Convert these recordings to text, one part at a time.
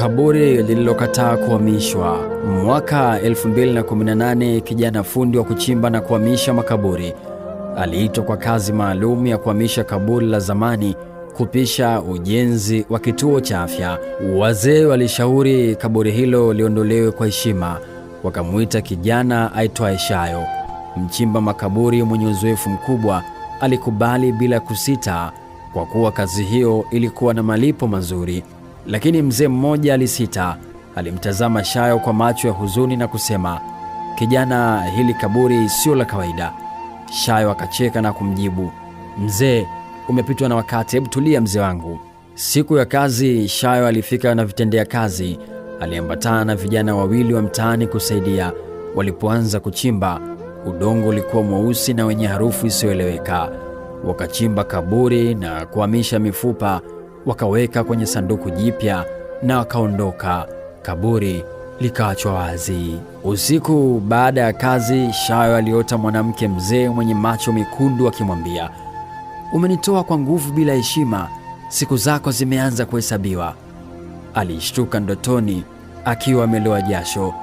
kaburi lililokataa kuhamishwa. Mwaka 2018 kijana fundi wa kuchimba na kuhamisha makaburi aliitwa kwa kazi maalum ya kuhamisha kaburi la zamani kupisha ujenzi wa kituo cha afya. Wazee walishauri kaburi hilo liondolewe kwa heshima, wakamwita kijana aitwaye Shayo. Mchimba makaburi mwenye uzoefu mkubwa alikubali bila kusita, kwa kuwa kazi hiyo ilikuwa na malipo mazuri. Lakini mzee mmoja alisita, alimtazama Shayo kwa macho ya huzuni na kusema, kijana, hili kaburi sio la kawaida. Shayo akacheka na kumjibu, mzee, umepitwa na wakati, hebu tulia mzee wangu. Siku ya kazi, Shayo alifika na vitendea kazi, aliambatana na vijana wawili wa mtaani kusaidia. Walipoanza kuchimba, udongo ulikuwa mweusi na wenye harufu isiyoeleweka. Wakachimba kaburi na kuhamisha mifupa wakaweka kwenye sanduku jipya na wakaondoka. Kaburi likaachwa wazi. Usiku baada ya kazi, Shayo aliota mwanamke mzee mwenye macho mekundu akimwambia, umenitoa kwa nguvu bila heshima, siku zako zimeanza kuhesabiwa. Alishtuka ndotoni akiwa amelowa jasho.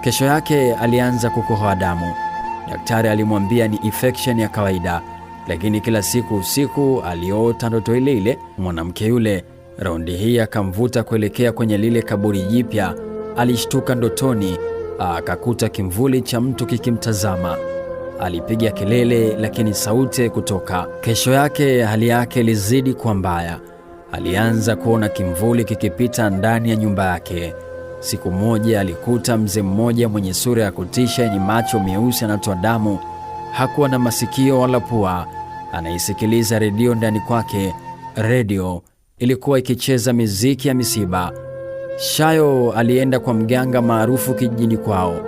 Kesho yake alianza kukohoa damu. Daktari alimwambia ni infection ya kawaida lakini kila siku usiku aliota ndoto ile ile. Mwanamke yule raundi hii akamvuta kuelekea kwenye lile kaburi jipya. Alishtuka ndotoni, akakuta kimvuli cha mtu kikimtazama. Alipiga kelele, lakini sauti kutoka. Kesho yake hali yake ilizidi kwa mbaya. Alianza kuona kimvuli kikipita ndani ya nyumba yake. Siku moja alikuta mzee mmoja mwenye sura ya kutisha yenye macho meusi anatoa damu hakuwa na masikio wala pua, anaisikiliza redio ndani kwake. Redio ilikuwa ikicheza miziki ya misiba. Shayo alienda kwa mganga maarufu kijijini kwao,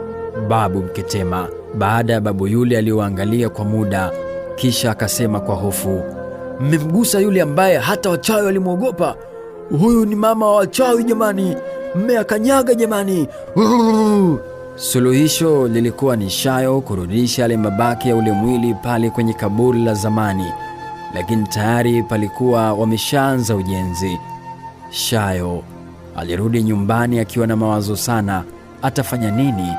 Babu Mketema, baada ya babu yule aliyoangalia kwa muda, kisha akasema kwa hofu, mmemgusa yule ambaye hata wachawi walimwogopa. Huyu ni mama wa wachawi jamani, mmeakanyaga jamani. Suluhisho lilikuwa ni shayo kurudisha yale mabaki ya ule mwili pale kwenye kaburi la zamani, lakini tayari palikuwa wameshaanza ujenzi. Shayo alirudi nyumbani akiwa na mawazo sana, atafanya nini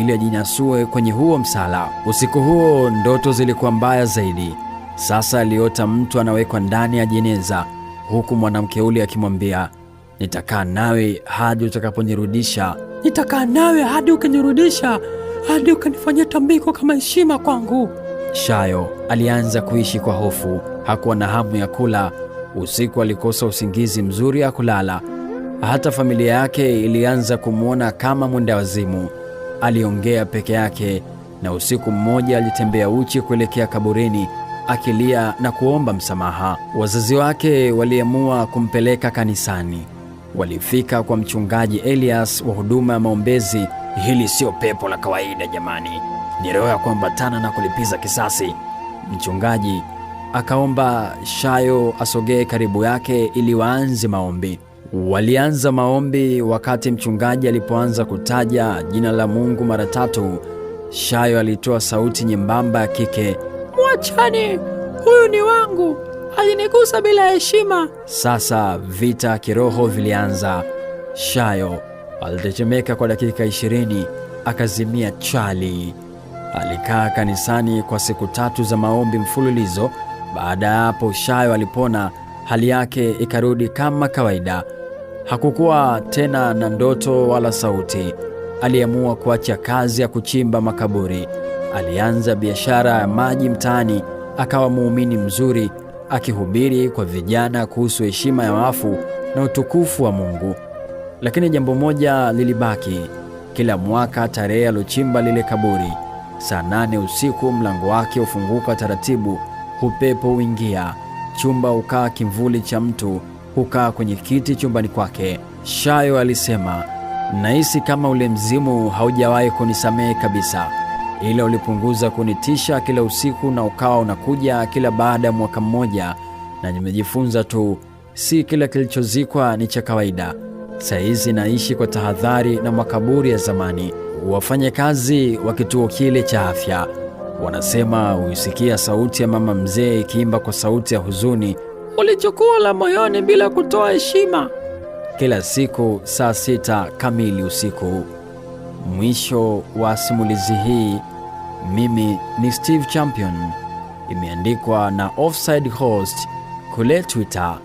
ili ajinyasue kwenye huo msala. Usiku huo ndoto zilikuwa mbaya zaidi. Sasa aliota mtu anawekwa ndani ya jeneza, huku mwanamke ule akimwambia Nitakaa nawe hadi utakaponirudisha, nitakaa nawe hadi ukinirudisha, hadi ukanifanyia tambiko kama heshima kwangu. Shayo alianza kuishi kwa hofu, hakuwa na hamu ya kula. Usiku alikosa usingizi mzuri ya kulala. Hata familia yake ilianza kumwona kama mwendawazimu. Aliongea peke yake, na usiku mmoja alitembea uchi kuelekea kaburini akilia na kuomba msamaha. Wazazi wake waliamua kumpeleka kanisani walifika kwa mchungaji Elias wa huduma ya maombezi. Hili sio pepo la kawaida jamani, ni roho ya kuambatana na kulipiza kisasi. Mchungaji akaomba Shayo asogee karibu yake ili waanze maombi. Walianza maombi. Wakati mchungaji alipoanza kutaja jina la Mungu mara tatu, Shayo alitoa sauti nyembamba ya kike, mwachani, huyu ni wangu alinigusa bila heshima. Sasa vita kiroho vilianza. Shayo alitetemeka kwa dakika ishirini akazimia chali. Alikaa kanisani kwa siku tatu za maombi mfululizo. Baada ya hapo, Shayo alipona, hali yake ikarudi kama kawaida. Hakukuwa tena na ndoto wala sauti. Aliamua kuacha kazi ya kuchimba makaburi. Alianza biashara ya maji mtaani, akawa muumini mzuri akihubiri kwa vijana kuhusu heshima ya wafu na utukufu wa Mungu. Lakini jambo moja lilibaki: kila mwaka tarehe alochimba lile kaburi, saa nane usiku mlango wake hufunguka taratibu, upepo huingia, chumba hukaa kimvuli cha mtu, hukaa kwenye kiti chumbani kwake. Shayo alisema, nahisi kama ule mzimu haujawahi kunisamehe kabisa ila ulipunguza kunitisha kila usiku na ukawa unakuja kila baada ya mwaka mmoja, na nimejifunza tu, si kila kilichozikwa ni cha kawaida. sahizi naishi kwa tahadhari na makaburi ya zamani. Wafanye kazi wa kituo kile cha afya wanasema huisikia sauti ya mama mzee ikiimba kwa sauti ya huzuni, ulichukua la moyoni bila kutoa heshima. Kila siku saa sita kamili usiku. Mwisho wa simulizi hii. Mimi ni Steve Champion, imeandikwa na Offside Host kule Twitter.